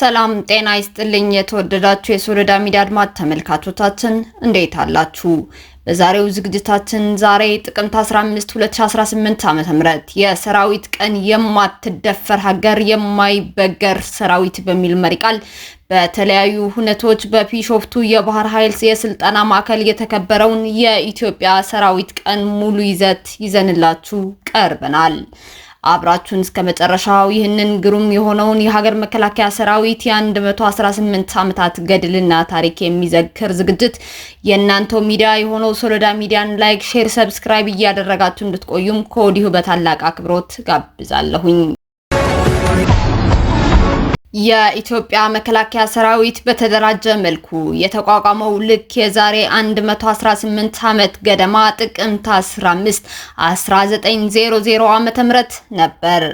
ሰላም ጤና ይስጥልኝ። የተወደዳችሁ የሶሎዳ ሚዲያ አድማጭ ተመልካቾቻችን እንዴት አላችሁ? በዛሬው ዝግጅታችን ዛሬ ጥቅምት 15 2018 ዓ.ም የሰራዊት ቀን የማትደፈር ሀገር የማይበገር ሰራዊት በሚል መሪ ቃል በተለያዩ ሁነቶች በቢሾፍቱ የባህር ኃይል የስልጠና ማዕከል የተከበረውን የኢትዮጵያ ሰራዊት ቀን ሙሉ ይዘት ይዘንላችሁ ቀርበናል። አብራችሁን እስከ መጨረሻው ይህንን ግሩም የሆነውን የሀገር መከላከያ ሰራዊት የ118 ዓመታት ገድልና ታሪክ የሚዘክር ዝግጅት የእናንተው ሚዲያ የሆነው ሶሎዳ ሚዲያን ላይክ፣ ሼር፣ ሰብስክራይብ እያደረጋችሁ እንድትቆዩም ከወዲሁ በታላቅ አክብሮት ጋብዛለሁኝ። የኢትዮጵያ መከላከያ ሰራዊት በተደራጀ መልኩ የተቋቋመው ልክ የዛሬ 118 ዓመት ገደማ ጥቅምት 15 1900 ዓ.ም ነበር።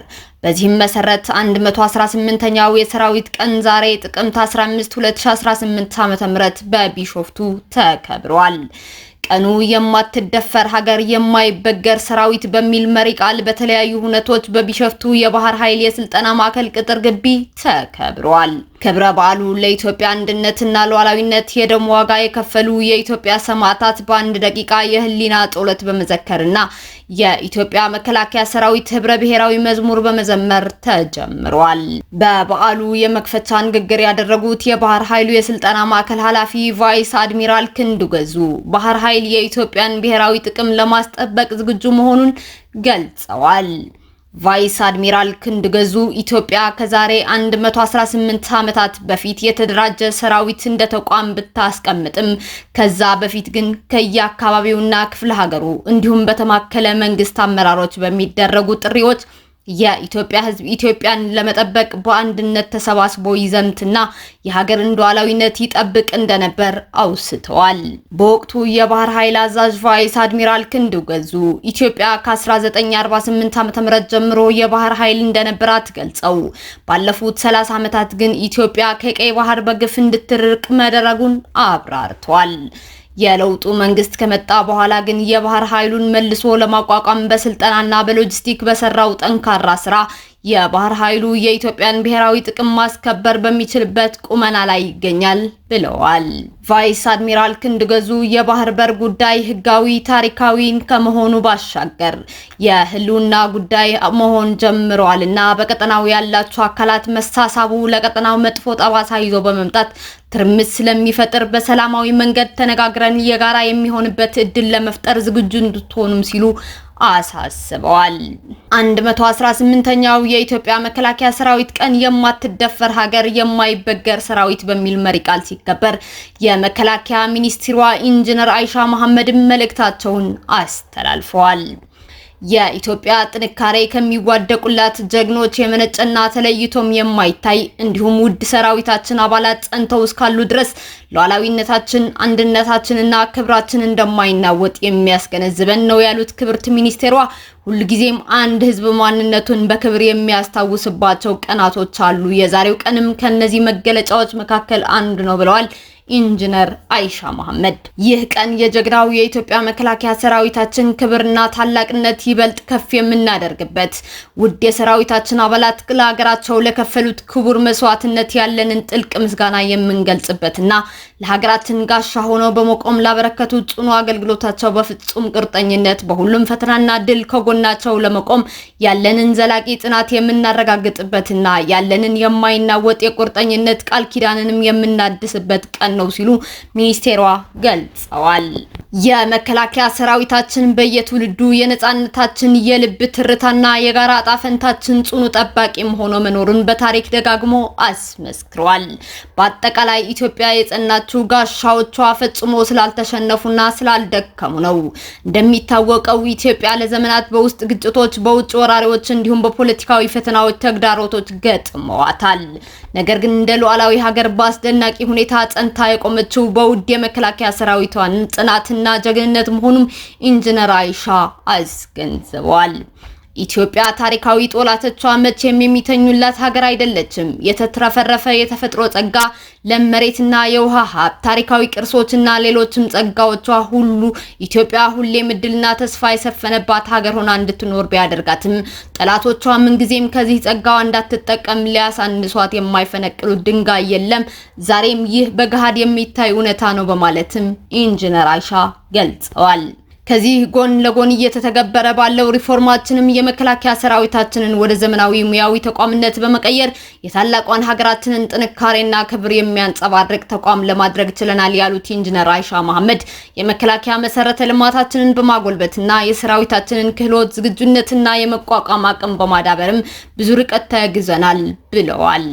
በዚህም መሰረት 118ኛው የሰራዊት ቀን ዛሬ ጥቅምት 15 2018 ዓ.ም በቢሾፍቱ ተከብሯል። ቀኑ የማትደፈር ሀገር የማይበገር ሰራዊት በሚል መሪ ቃል በተለያዩ ሁነቶች በቢሾፍቱ የባህር ኃይል የስልጠና ማዕከል ቅጥር ግቢ ተከብሯል። ክብረ በዓሉ ለኢትዮጵያ አንድነትና ሉዓላዊነት የደም ዋጋ የከፈሉ የኢትዮጵያ ሰማዕታት በአንድ ደቂቃ የህሊና ጸሎት በመዘከርና የኢትዮጵያ መከላከያ ሰራዊት ህብረ ብሔራዊ መዝሙር በመዘመር ተጀምሯል። በበዓሉ የመክፈቻ ንግግር ያደረጉት የባህር ኃይሉ የስልጠና ማዕከል ኃላፊ ቫይስ አድሚራል ክንዱ ገዙ ባህር ኃይል የኢትዮጵያን ብሔራዊ ጥቅም ለማስጠበቅ ዝግጁ መሆኑን ገልጸዋል። ቫይስ አድሚራል ክንድ ገዙ ኢትዮጵያ ከዛሬ 118 ዓመታት በፊት የተደራጀ ሰራዊት እንደ ተቋም ብታስቀምጥም ከዛ በፊት ግን ከየአካባቢውና ክፍለ ሀገሩ እንዲሁም በተማከለ መንግስት አመራሮች በሚደረጉ ጥሪዎች የኢትዮጵያ ሕዝብ ኢትዮጵያን ለመጠበቅ በአንድነት ተሰባስቦ ይዘምትና የሀገርን ሉዓላዊነት ይጠብቅ እንደነበር አውስተዋል። በወቅቱ የባህር ኃይል አዛዥ ቫይስ አድሚራል ክንዱ ገዙ ኢትዮጵያ ከ1948 ዓ.ም ጀምሮ የባህር ኃይል እንደነበራት ገልጸው ባለፉት 30 ዓመታት ግን ኢትዮጵያ ከቀይ ባህር በግፍ እንድትርቅ መደረጉን አብራርተዋል። የለውጡ መንግስት ከመጣ በኋላ ግን የባህር ኃይሉን መልሶ ለማቋቋም በስልጠናና በሎጂስቲክ በሰራው ጠንካራ ስራ የባህር ኃይሉ የኢትዮጵያን ብሔራዊ ጥቅም ማስከበር በሚችልበት ቁመና ላይ ይገኛል ብለዋል። ቫይስ አድሚራል ክንድገዙ የባህር በር ጉዳይ ህጋዊ ታሪካዊን ከመሆኑ ባሻገር የህልውና ጉዳይ መሆን ጀምረዋል እና በቀጠናው ያላቸው አካላት መሳሳቡ ለቀጠናው መጥፎ ጠባሳ ይዞ በመምጣት ትርምስ ስለሚፈጥር በሰላማዊ መንገድ ተነጋግረን የጋራ የሚሆንበት እድል ለመፍጠር ዝግጁ እንድትሆኑም ሲሉ አሳስበዋል። 118ኛው የኢትዮጵያ መከላከያ ሰራዊት ቀን የማትደፈር ሀገር የማይበገር ሰራዊት በሚል መሪ ቃል ሲከበር የመከላከያ ሚኒስትሯ ኢንጂነር አይሻ መሐመድ መልእክታቸውን አስተላልፈዋል። የኢትዮጵያ ጥንካሬ ከሚዋደቁላት ጀግኖች የመነጨና ተለይቶም የማይታይ እንዲሁም ውድ ሰራዊታችን አባላት ጸንተው እስካሉ ድረስ ሉዓላዊነታችን፣ አንድነታችንና ክብራችን እንደማይናወጥ የሚያስገነዝበን ነው ያሉት ክብርት ሚኒስቴሯ፣ ሁልጊዜም አንድ ሕዝብ ማንነቱን በክብር የሚያስታውስባቸው ቀናቶች አሉ። የዛሬው ቀንም ከነዚህ መገለጫዎች መካከል አንዱ ነው ብለዋል። ኢንጂነር አይሻ መሐመድ። ይህ ቀን የጀግናው የኢትዮጵያ መከላከያ ሰራዊታችን ክብርና ታላቅነት ይበልጥ ከፍ የምናደርግበት፣ ውድ የሰራዊታችን አባላት ለሀገራቸው ለከፈሉት ክቡር መስዋዕትነት ያለንን ጥልቅ ምስጋና የምንገልጽበትና ለሀገራችን ጋሻ ሆነው በመቆም ላበረከቱት ጽኑ አገልግሎታቸው በፍጹም ቁርጠኝነት በሁሉም ፈተናና ድል ከጎናቸው ለመቆም ያለንን ዘላቂ ጽናት የምናረጋግጥበትና ያለንን የማይናወጥ የቁርጠኝነት ቃል ኪዳንንም የምናድስበት ቀን ነው ሲሉ ሚኒስቴሯ ገልጸዋል። የመከላከያ ሰራዊታችን በየትውልዱ የነጻነታችን የልብ ትርታና የጋራ እጣ ፈንታችን ጽኑ ጠባቂም ሆኖ መኖሩን በታሪክ ደጋግሞ አስመስክሯል። በአጠቃላይ ኢትዮጵያ የጸናችው ጋሻዎቿ ፈጽሞ ስላልተሸነፉና ስላልደከሙ ነው። እንደሚታወቀው ኢትዮጵያ ለዘመናት በውስጥ ግጭቶች፣ በውጭ ወራሪዎች እንዲሁም በፖለቲካዊ ፈተናዎች ተግዳሮቶች ገጥመዋታል። ነገር ግን እንደ ሉዓላዊ ሀገር በአስደናቂ ሁኔታ ጸንታ የቆመችው በውድ የመከላከያ ሰራዊቷን ጽናትን እና ጀግንነት መሆኑም ኢንጂነር አይሻ አስገንዝበዋል። ኢትዮጵያ ታሪካዊ ጦላቶቿ መቼም የሚተኙላት ሀገር አይደለችም። የተትረፈረፈ የተፈጥሮ ጸጋ፣ ለም መሬትና የውሃ ሀብት፣ ታሪካዊ ቅርሶችና ሌሎችም ጸጋዎቿ ሁሉ ኢትዮጵያ ሁሌም እድልና ተስፋ የሰፈነባት ሀገር ሆና እንድትኖር ቢያደርጋትም ጠላቶቿ ምንጊዜም ከዚህ ጸጋዋ እንዳትጠቀም ሊያሳንሷት የማይፈነቅሉት ድንጋይ የለም። ዛሬም ይህ በገሃድ የሚታይ እውነታ ነው በማለትም ኢንጂነር አይሻ ገልጸዋል። ከዚህ ጎን ለጎን እየተተገበረ ባለው ሪፎርማችንም የመከላከያ ሰራዊታችንን ወደ ዘመናዊ ሙያዊ ተቋምነት በመቀየር የታላቋን ሀገራችንን ጥንካሬና ክብር የሚያንጸባርቅ ተቋም ለማድረግ ችለናል ያሉት ኢንጂነር አይሻ መሐመድ የመከላከያ መሰረተ ልማታችንን በማጎልበትና የሰራዊታችንን ክህሎት፣ ዝግጁነትና የመቋቋም አቅም በማዳበርም ብዙ ርቀት ተግዘናል ብለዋል።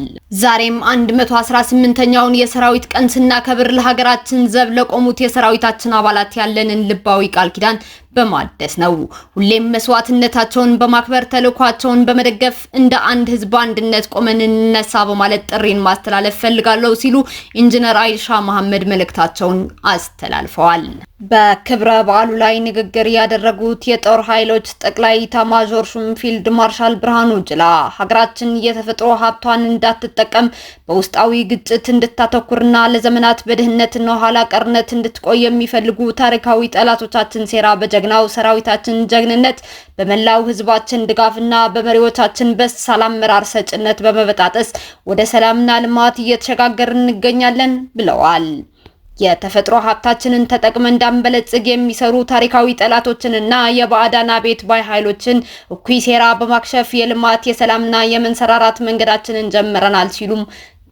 ዛሬም 118ኛውን የሰራዊት ቀን ስናከብር ለሀገራችን ዘብ ለቆሙት የሰራዊታችን አባላት ያለንን ልባዊ ቃል Done. በማደስ ነው። ሁሌም መስዋዕትነታቸውን በማክበር ተልኳቸውን በመደገፍ እንደ አንድ ህዝብ አንድነት ቆመን እንነሳ በማለት ጥሪን ማስተላለፍ ፈልጋለሁ ሲሉ ኢንጂነር አይሻ መሐመድ መልእክታቸውን አስተላልፈዋል። በክብረ በዓሉ ላይ ንግግር ያደረጉት የጦር ኃይሎች ጠቅላይ ኢታማዦር ሹም ፊልድ ማርሻል ብርሃኑ ጅላ ሀገራችን የተፈጥሮ ሀብቷን እንዳትጠቀም በውስጣዊ ግጭት እንድታተኩርና ለዘመናት በድህነትና ኋላ ቀርነት እንድትቆይ የሚፈልጉ ታሪካዊ ጠላቶቻችን ሴራ በጀ የጀግናው ሰራዊታችን ጀግንነት በመላው ህዝባችን ድጋፍና በመሪዎቻችን ሰላም አመራር ሰጭነት በመበጣጠስ ወደ ሰላምና ልማት እየተሸጋገርን እንገኛለን ብለዋል። የተፈጥሮ ሀብታችንን ተጠቅመን እንዳንበለጽግ የሚሰሩ ታሪካዊ ጠላቶችንና የባዕዳን ቤት ባይ ኃይሎችን እኩይ ሴራ በማክሸፍ የልማት የሰላምና የመንሰራራት መንገዳችንን ጀምረናል ሲሉም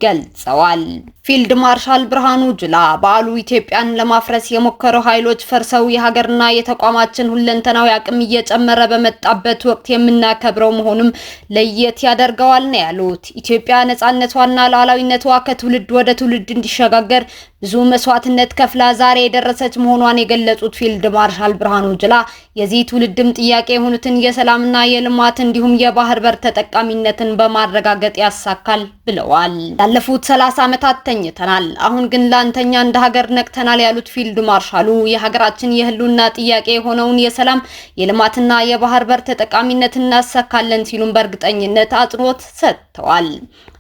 ገልጸዋል። ፊልድ ማርሻል ብርሃኑ ጁላ በዓሉ ኢትዮጵያን ለማፍረስ የሞከሩ ኃይሎች ፈርሰው የሀገርና የተቋማችን ሁለንተናዊ አቅም እየጨመረ በመጣበት ወቅት የምናከብረው መሆኑም ለየት ያደርገዋል ነው ያሉት። ኢትዮጵያ ነጻነቷና ሉዓላዊነቷ ከትውልድ ወደ ትውልድ እንዲሸጋገር ብዙ መስዋዕትነት ከፍላ ዛሬ የደረሰች መሆኗን የገለጹት ፊልድ ማርሻል ብርሃኑ ጅላ የዚህ ትውልድም ጥያቄ የሆኑትን የሰላምና የልማት እንዲሁም የባህር በር ተጠቃሚነትን በማረጋገጥ ያሳካል ብለዋል። ላለፉት ሰላሳ ዓመታት ተኝተናል፣ አሁን ግን ለአንተኛ እንደ ሀገር ነቅተናል ያሉት ፊልድ ማርሻሉ የሀገራችን የህልውና ጥያቄ የሆነውን የሰላም የልማትና የባህር በር ተጠቃሚነት እናሳካለን ሲሉም በእርግጠኝነት አጽንኦት ሰጥተዋል።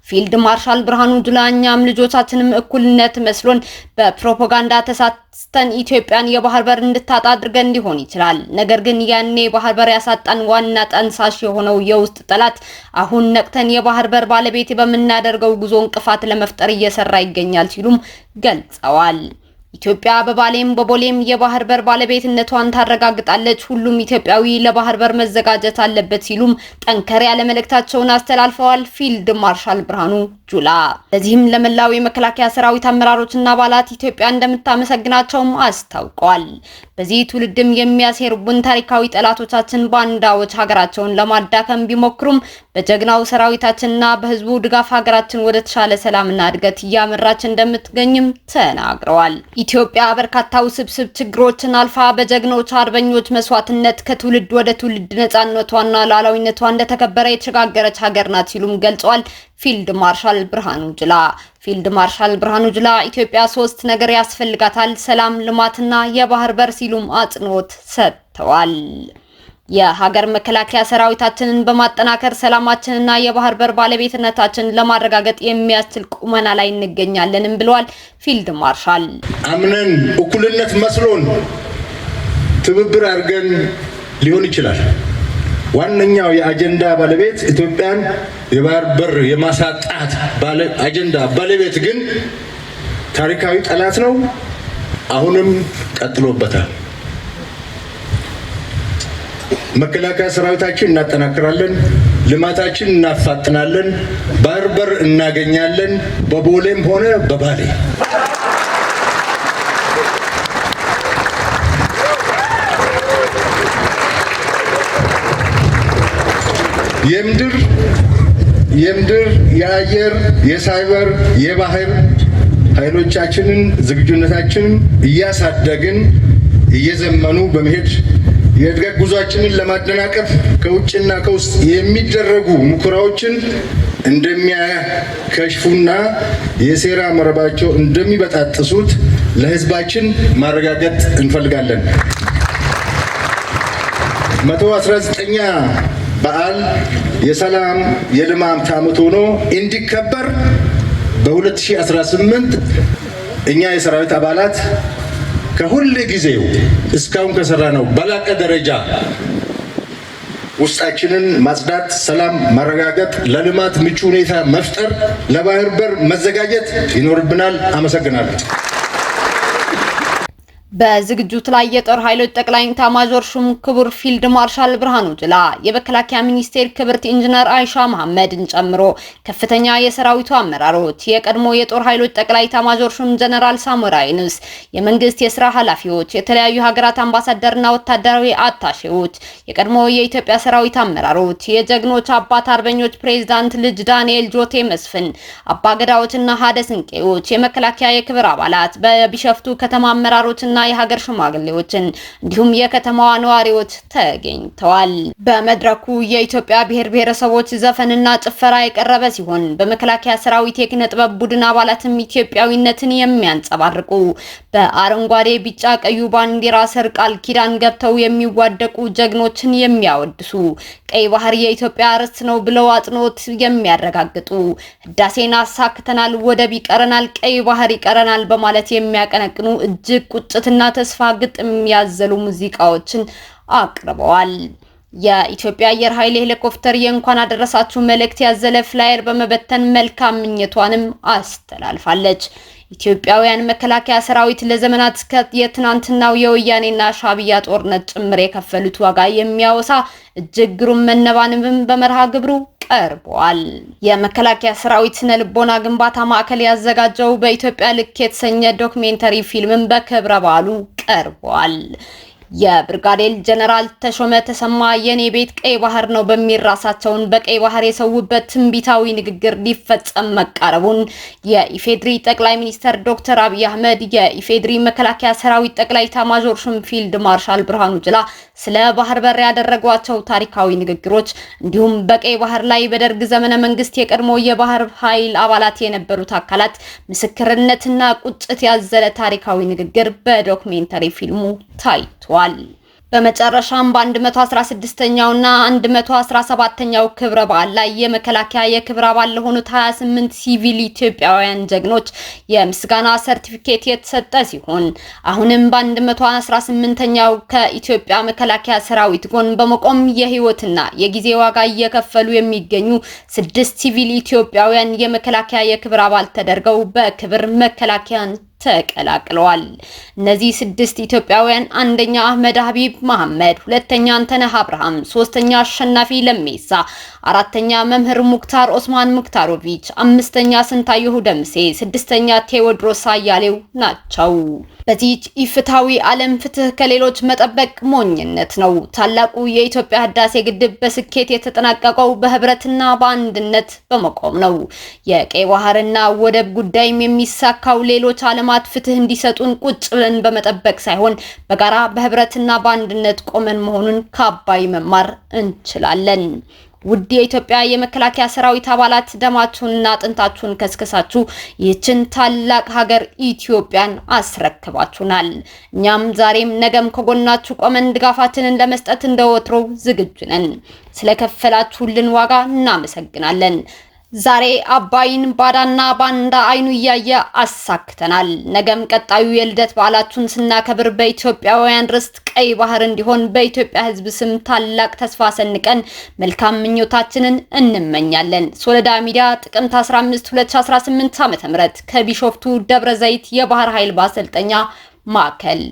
ፊልድ ማርሻል ብርሃኑ ጁላ እኛም ልጆቻችንም እኩልነት መስሎን በፕሮፓጋንዳ ተሳትተን ኢትዮጵያን የባህር በር እንድታጣ አድርገን ሊሆን ይችላል። ነገር ግን ያኔ ባህር በር ያሳጣን ዋና ጠንሳሽ የሆነው የውስጥ ጠላት አሁን ነቅተን የባህር በር ባለቤት በምናደርገው ጉዞ እንቅፋት ለመፍጠር እየሰራ ይገኛል ሲሉም ገልጸዋል። ኢትዮጵያ በባሌም በቦሌም የባህር በር ባለቤትነቷን ታረጋግጣለች፣ ሁሉም ኢትዮጵያዊ ለባህር በር መዘጋጀት አለበት ሲሉም ጠንከር ያለ መልእክታቸውን አስተላልፈዋል ፊልድ ማርሻል ብርሃኑ ጁላ። ለዚህም ለመላው የመከላከያ ሰራዊት አመራሮችና አባላት ኢትዮጵያ እንደምታመሰግናቸውም አስታውቀዋል። በዚህ ትውልድም የሚያሴሩብን ታሪካዊ ጠላቶቻችን ባንዳዎች ሀገራቸውን ለማዳከም ቢሞክሩም በጀግናው ሰራዊታችንና በህዝቡ ድጋፍ ሀገራችን ወደ ተሻለ ሰላምና እድገት እያመራች እንደምትገኝም ተናግረዋል። ኢትዮጵያ በርካታ ውስብስብ ችግሮችን አልፋ በጀግኖች አርበኞች መስዋዕትነት ከትውልድ ወደ ትውልድ ነጻነቷና ሉዓላዊነቷ እንደተከበረ የተሸጋገረች ሀገር ናት ሲሉም ገልጿል። ፊልድ ማርሻል ብርሃኑ ጅላ ፊልድ ማርሻል ብርሃኑ ጅላ ኢትዮጵያ ሶስት ነገር ያስፈልጋታል፣ ሰላም፣ ልማትና የባህር በር ሲሉም አጽንኦት ሰጥተዋል። የሀገር መከላከያ ሰራዊታችንን በማጠናከር ሰላማችንና የባህር በር ባለቤትነታችንን ለማረጋገጥ የሚያስችል ቁመና ላይ እንገኛለንም ብለዋል ፊልድ ማርሻል። አምነን እኩልነት መስሎን ትብብር አድርገን ሊሆን ይችላል። ዋነኛው የአጀንዳ ባለቤት ኢትዮጵያን የባህር በር የማሳጣት አጀንዳ ባለቤት ግን ታሪካዊ ጠላት ነው። አሁንም ቀጥሎበታል። መከላከያ ሰራዊታችን እናጠናክራለን፣ ልማታችን እናፋጥናለን፣ ባህር በር እናገኛለን፣ በቦሌም ሆነ በባሌ የምድር የምድር የአየር የሳይበር የባህር ኃይሎቻችንን ዝግጁነታችንን እያሳደግን እየዘመኑ በመሄድ የእድገት ጉዟችንን ለማደናቀፍ ከውጭና ከውስጥ የሚደረጉ ሙከራዎችን እንደሚያከሽፉና የሴራ መረባቸው እንደሚበጣጥሱት ለህዝባችን ማረጋገጥ እንፈልጋለን። መቶ አስራ ዘጠኛ በዓል የሰላም የልማት ዓመት ሆኖ እንዲከበር በ2018 እኛ የሰራዊት አባላት ከሁል ጊዜው እስካሁን ከሰራ ነው በላቀ ደረጃ ውስጣችንን ማጽዳት፣ ሰላም ማረጋገጥ፣ ለልማት ምቹ ሁኔታ መፍጠር፣ ለባህር በር መዘጋጀት ይኖርብናል። አመሰግናለሁ። በዝግጅት ላይ የጦር ኃይሎች ጠቅላይ ኤታማዦር ሹም ክቡር ፊልድ ማርሻል ብርሃኑ ጁላ፣ የመከላከያ ሚኒስቴር ክብርት ኢንጂነር አይሻ መሐመድን ጨምሮ ከፍተኛ የሰራዊቱ አመራሮች፣ የቀድሞ የጦር ኃይሎች ጠቅላይ ኤታማዦር ሹም ጀነራል ሳሞራ የመንግስት የስራ ኃላፊዎች፣ የተለያዩ ሀገራት አምባሳደርና ወታደራዊ አታሼዎች፣ የቀድሞ የኢትዮጵያ ሰራዊት አመራሮች፣ የጀግኖች አባት አርበኞች ፕሬዝዳንት ልጅ ዳንኤል ጆቴ መስፍን፣ አባገዳዎችና ሀደ ስንቄዎች፣ የመከላከያ የክብር አባላት፣ በቢሸፍቱ ከተማ አመራሮችና እና የሀገር ሽማግሌዎችን እንዲሁም የከተማዋ ነዋሪዎች ተገኝተዋል። በመድረኩ የኢትዮጵያ ብሔር ብሔረሰቦች ዘፈንና ጭፈራ የቀረበ ሲሆን በመከላከያ ሰራዊት የኪነ ጥበብ ቡድን አባላትም ኢትዮጵያዊነትን የሚያንጸባርቁ በአረንጓዴ ቢጫ ቀዩ ባንዲራ ስር ቃል ኪዳን ገብተው የሚዋደቁ ጀግኖችን የሚያወድሱ ቀይ ባህር የኢትዮጵያ ርስት ነው ብለው አጽንኦት የሚያረጋግጡ ህዳሴን አሳክተናል፣ ወደብ ይቀረናል፣ ቀይ ባህር ይቀረናል በማለት የሚያቀነቅኑ እጅግ ቁጭት ጩኸትና ተስፋ ግጥም ያዘሉ ሙዚቃዎችን አቅርበዋል። የኢትዮጵያ አየር ኃይል ሄሊኮፕተር የእንኳን አደረሳችሁ መልእክት ያዘለ ፍላየር በመበተን መልካም ምኞቷንም አስተላልፋለች። ኢትዮጵያውያን መከላከያ ሰራዊት ለዘመናት የትናንትናው የወያኔና ሻብያ ጦርነት ጭምር የከፈሉት ዋጋ የሚያወሳ እጅግ ግሩም መነባንብም በመርሃ ግብሩ ቀርቧል። የመከላከያ ሰራዊት ስነ ልቦና ግንባታ ማዕከል ያዘጋጀው በኢትዮጵያ ልክ የተሰኘ ዶክሜንተሪ ፊልምም በክብረ በዓሉ ቀርቧል። የብርጋዴር ጀነራል ተሾመ ተሰማ የኔ ቤት ቀይ ባህር ነው በሚል ራሳቸውን በቀይ ባህር የሰዉበት ትንቢታዊ ንግግር ሊፈጸም መቃረቡን የኢፌድሪ ጠቅላይ ሚኒስተር ዶክተር አብይ አህመድ፣ የኢፌድሪ መከላከያ ሰራዊት ጠቅላይ ኤታማዦር ሹም ፊልድ ማርሻል ብርሃኑ ጅላ ስለ ባህር በር ያደረጓቸው ታሪካዊ ንግግሮች እንዲሁም በቀይ ባህር ላይ በደርግ ዘመነ መንግስት የቀድሞ የባህር ኃይል አባላት የነበሩት አካላት ምስክርነትና ቁጭት ያዘለ ታሪካዊ ንግግር በዶክሜንተሪ ፊልሙ ታይቷል። ተደርጓል። በመጨረሻም በ116ኛውና 117ኛው ክብረ በዓል ላይ የመከላከያ የክብረ አባል ለሆኑት 28 ሲቪል ኢትዮጵያውያን ጀግኖች የምስጋና ሰርቲፊኬት የተሰጠ ሲሆን አሁንም በ118ኛው ከኢትዮጵያ መከላከያ ሰራዊት ጎን በመቆም የህይወትና የጊዜ ዋጋ እየከፈሉ የሚገኙ ስድስት ሲቪል ኢትዮጵያውያን የመከላከያ የክብረ አባል ተደርገው በክብር መከላከያን ተቀላቅለዋል። እነዚህ ስድስት ኢትዮጵያውያን አንደኛ አህመድ ሀቢብ መሐመድ፣ ሁለተኛ አንተነህ አብርሃም፣ ሶስተኛ አሸናፊ ለሜሳ፣ አራተኛ መምህር ሙክታር ኦስማን ሙክታሮቪች፣ አምስተኛ ስንታየሁ ደምሴ፣ ስድስተኛ ቴዎድሮስ አያሌው ናቸው። በዚህች ኢፍትሐዊ ዓለም ፍትህ ከሌሎች መጠበቅ ሞኝነት ነው። ታላቁ የኢትዮጵያ ህዳሴ ግድብ በስኬት የተጠናቀቀው በህብረትና በአንድነት በመቆም ነው። የቀይ ባህርና ወደብ ጉዳይም የሚሳካው ሌሎች ዓለም ለልማት ፍትህ እንዲሰጡን ቁጭ ብለን በመጠበቅ ሳይሆን በጋራ በህብረትና በአንድነት ቆመን መሆኑን ከአባይ መማር እንችላለን። ውድ የኢትዮጵያ የመከላከያ ሰራዊት አባላት ደማችሁንና አጥንታችሁን ከስከሳችሁ ይህችን ታላቅ ሀገር ኢትዮጵያን አስረክባችሁናል። እኛም ዛሬም ነገም ከጎናችሁ ቆመን ድጋፋችንን ለመስጠት እንደወትሮው ዝግጁ ነን። ስለከፈላችሁልን ዋጋ እናመሰግናለን። ዛሬ አባይን ባዳና ባንዳ አይኑ እያየ አሳክተናል። ነገም ቀጣዩ የልደት በዓላችሁን ስናከብር በኢትዮጵያውያን ርስት ቀይ ባህር እንዲሆን በኢትዮጵያ ሕዝብ ስም ታላቅ ተስፋ ሰንቀን መልካም ምኞታችንን እንመኛለን። ሶለዳ ሚዲያ ጥቅምት 15 2018 ዓ.ም ከቢሾፍቱ ደብረ ዘይት የባህር ኃይል ማሰልጠኛ ማዕከል